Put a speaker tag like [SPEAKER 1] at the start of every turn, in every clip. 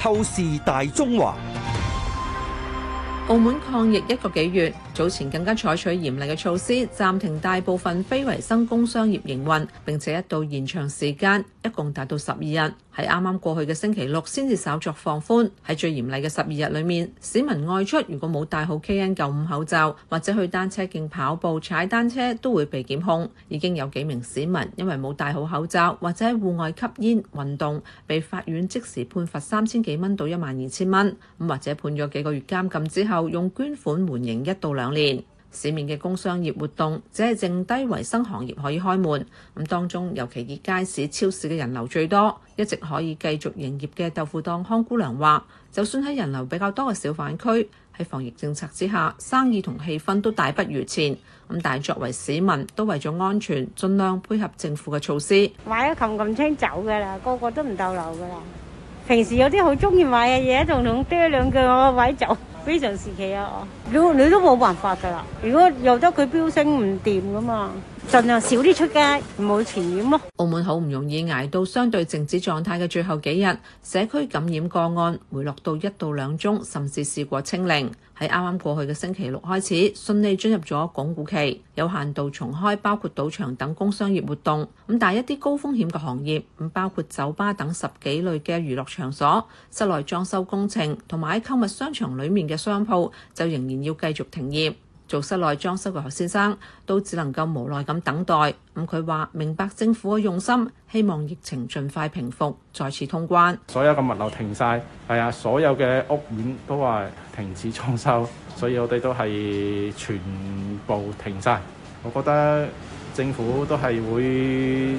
[SPEAKER 1] 透視大中華，澳門抗疫一個幾月。早前更加採取嚴厲嘅措施，暫停大部分非維生工商業營運，並且一度延長時間，一共達到十二日。係啱啱過去嘅星期六先至稍作放寬。喺最嚴厲嘅十二日裏面，市民外出如果冇戴好 KN95 口罩，或者去單車徑跑步、踩單車都會被檢控。已經有幾名市民因為冇戴好口罩或者戶外吸煙、運動，被法院即時判罰三千幾蚊到一萬二千蚊，咁或者判咗幾個月監禁之後，用捐款緩刑一到兩兩年，市面嘅工商業活動只係剩低維生行業可以開門。咁當中尤其以街市、超市嘅人流最多，一直可以繼續營業嘅豆腐檔康姑娘話，就算喺人流比較多嘅小販區，喺防疫政策之下，生意同氣氛都大不如前。咁但係作為市民，都為咗安全，盡量配合政府嘅措施，買咗冚咁聲走噶啦，個個都唔逗留噶啦。平時有啲好中意買嘅嘢，仲同嗲兩句我買走。非常時期啊！哦，你你都冇辦法噶啦，如果由得佢飆升唔掂噶嘛。盡量少啲出街，冇錢咯。澳門好唔容易捱到相對靜止狀態嘅最後幾日，社區感染個案回落到一到兩宗，甚至試過清零。喺啱啱過去嘅星期六開始，順利進入咗鞏固期，有限度重開包括賭場等工商業活動。咁但係一啲高風險嘅行業，咁包括酒吧等十幾類嘅娛樂場所、室內裝修工程同埋喺購物商場裏面嘅商鋪，就仍然要繼續停業。做室內裝修嘅何先生都只能夠無奈咁等待。咁佢話明白政府嘅用心，希望疫情盡快平復，再次通關。
[SPEAKER 2] 所有嘅物流停晒，係啊，所有嘅屋苑都話停止裝修，所以我哋都係全部停晒。我覺得政府都係會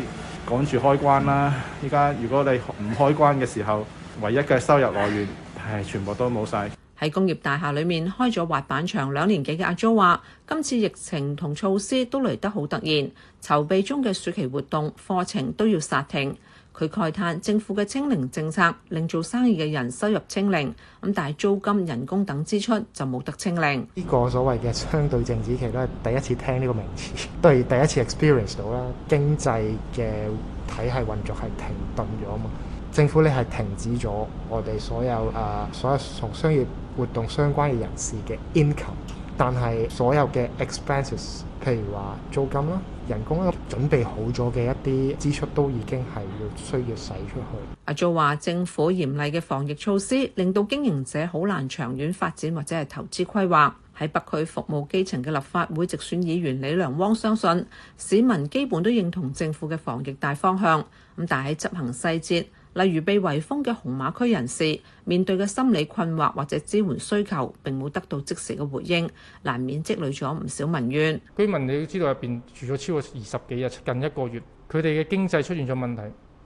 [SPEAKER 2] 趕住開關啦。依家如果你唔開關嘅時候，唯一嘅收入來源係全部都冇晒。
[SPEAKER 1] 喺工業大廈裏面開咗滑板場兩年幾嘅阿朱話，今次疫情同措施都嚟得好突然，籌備中嘅暑期活動課程都要殺停。佢慨嘆政府嘅清零政策令做生意嘅人收入清零，咁但係租金、人工等支出就冇得清零。呢、這個所謂嘅
[SPEAKER 2] 相對靜止期都係第一次聽呢個名詞，都係第一次 experience 到啦。經濟嘅體系運作係停頓咗嘛。政府咧係停止咗我哋所有誒、啊、所有從商業活動相關嘅人士嘅 income，但係所有嘅 expenses，譬如話租金啦、人工、準備好咗嘅一啲支出都已經係要需要使出去。
[SPEAKER 1] 阿做話，政府嚴厲嘅防疫措施令到經營者好難長遠發展或者係投資規劃。喺北區服務基層嘅立法會直選議員李良汪相信市民基本都認同政府嘅防疫大方向，咁但係喺執行細節。例如被圍封嘅紅碼區人士面對嘅心理困惑或者支援需求並冇得到即時嘅回應，難免積累咗唔少民怨。居民你都知道入邊，住咗超過二十幾日、近一個月，佢哋嘅
[SPEAKER 2] 經濟出現咗問題，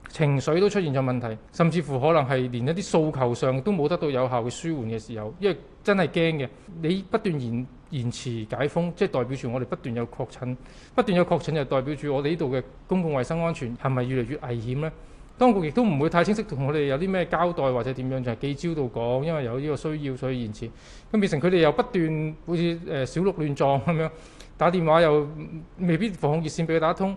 [SPEAKER 2] 情緒都出現咗問題，甚至乎可能係連一啲訴求上都冇得到有效嘅舒緩嘅時候，因為真係驚嘅。你不斷延延遲解封，即係代表住我哋不斷有確診，不斷有確診就代表住我哋呢度嘅公共衞生安全係咪越嚟越危險呢？當局亦都唔會太清晰同我哋有啲咩交代或者點樣，就係記招到講，因為有呢個需要所以延遲。咁變成佢哋又不斷好似誒小鹿亂撞咁樣，打電話又未必防控熱線俾佢打通，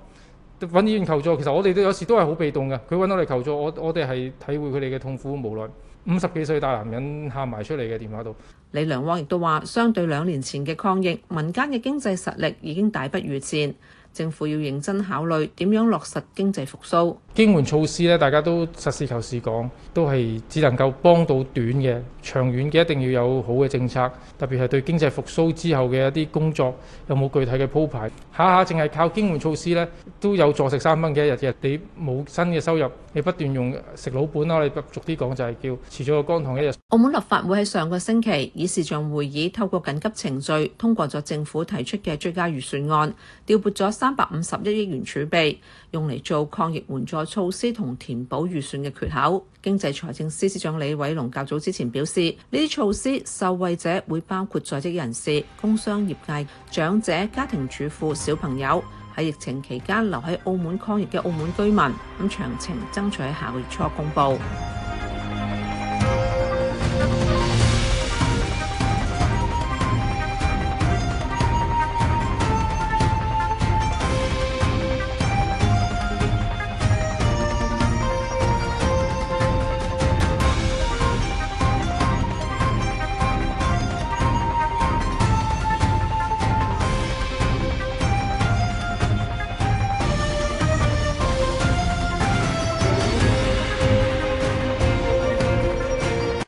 [SPEAKER 2] 揾醫院求助。其實我哋都有時都係好被動嘅。佢揾我嚟求助，我我哋係體會佢哋嘅痛苦無奈。五十幾
[SPEAKER 1] 歲大男人喊埋出嚟嘅電話度。李良汪亦都話，相對兩年前嘅抗疫，民間嘅經濟實力已經大不如前。政府要認真考慮點樣落實經濟復甦經援
[SPEAKER 2] 措施咧，大家都實事求是講，都係只能夠幫到短嘅，長遠嘅一定要有好嘅政策。特別係對經濟復甦之後嘅一啲工作，有冇具體嘅鋪排？下下淨係靠經援措施咧，都有坐食三蚊嘅一日嘅，你冇新嘅收入，你不斷用食老本啦。我哋俗啲講就係叫遲早個乾
[SPEAKER 1] 塘一日。澳門立法會喺上個星期以視像會議透過緊急程序通過咗政府提出嘅追加預算案，調撥咗。三百五十一億元儲備用嚟做抗疫援助措施同填補預算嘅缺口。經濟財政司司長李偉龍較早之前表示，呢啲措施受惠者會包括在職人士、工商業界、長者、家庭主婦、小朋友，喺疫情期間留喺澳門抗疫嘅澳門居民。咁詳情爭取喺下個月初公布。